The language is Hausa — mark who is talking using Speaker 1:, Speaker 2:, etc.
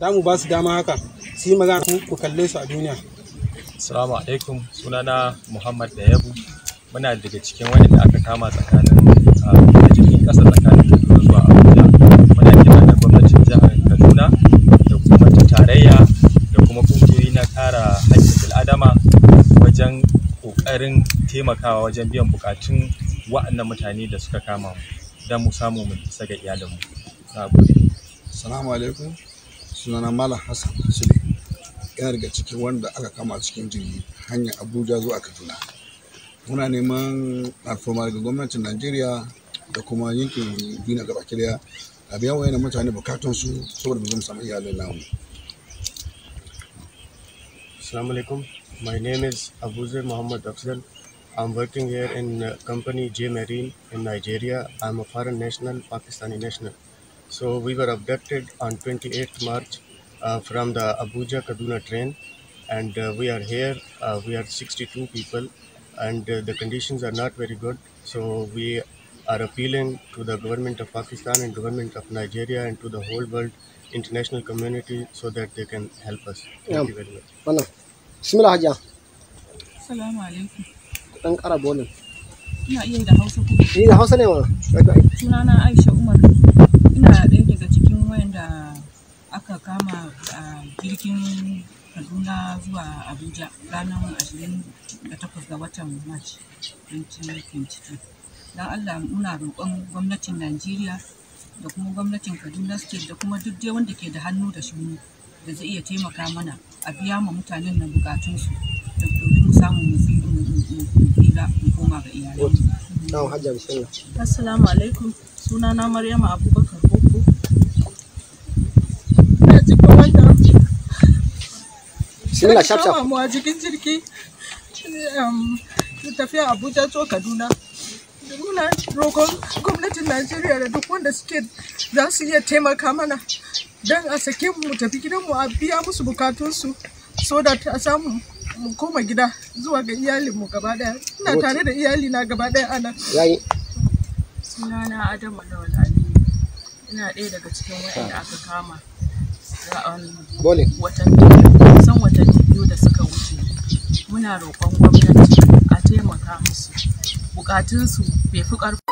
Speaker 1: za mu ba su dama haka su yi magana ku kalle su a duniya assalamu alaikum sunana muhammad da Yabu. muna daga cikin wani da aka kama tsakanin a cikin ƙasa tsakanin kaduna zuwa abuja muna kira da gwamnatin jihar kaduna da kuma tarayya da kuma ƙungiyoyi na kara haƙƙin bil'adama wajen ƙoƙarin taimakawa wajen biyan buƙatun wa'annan mutane da suka kama mu don mu samu mu isa ga iyalinmu na gode alaikum sunana malam hassan sule yana daga cikin wanda aka kama cikin jirgi hanyar abuja zuwa kaduna muna neman alfarma daga gwamnatin najeriya da kuma yankin duniya gaba daya a biya wayan mutane bukatun su saboda mu zama samu iyalin
Speaker 2: namu assalamu alaikum my name is abuja muhammad afzal I'm working here in company J Marine in Nigeria. I'm a foreign national, Pakistani national. So we were abducted on 28th March uh, from the Abuja Kaduna train and uh, we are here. Uh, we are 62 people and uh, the conditions are not very good. So we are appealing to the government of Pakistan and government of Nigeria and to the whole world international community so that they can help us. Thank yeah. you very
Speaker 3: much.
Speaker 4: Assalamu
Speaker 2: alaikum.
Speaker 4: Ina iya da Hausa kuma.
Speaker 2: Ni da Hausa ne ma.
Speaker 4: Sunana Aisha Umar. ina ɗaya daga cikin da aka kama a jirgin kaduna zuwa abuja ranar ashirin da takwas ga watan march 2022 don allah muna roƙon gwamnatin najeriya da kuma gwamnatin kaduna state da kuma duk wanda ke da hannu da shuni da zai iya taimaka mana a biya ma mutanen na bukatunsu domin mu samu mu tsira mu koma ga iyalanmu Na'am Assalamu alaikum. Suna na
Speaker 3: Maryama Abubakar Boko. Ina cikin wannan. Bismillah shaf Mu a cikin jirgi. Um, tafiya Abuja to Kaduna. Muna roƙon gwamnatin Najeriya da duk wanda suke za su iya taimaka mana don a sake mu tafi gidanmu a biya musu bukatunsu so da a samu mu koma gida zuwa ga iyalinmu gaba daya ina tare da iyalina gaba daya ana yayi
Speaker 4: sunana adamu lawal aliyu ina ɗaya daga cikin wanda aka kama um, san watanni biyu da suka wuce muna roƙon gwamnati a taimaka musu bukatunsu bai fi ƙarfi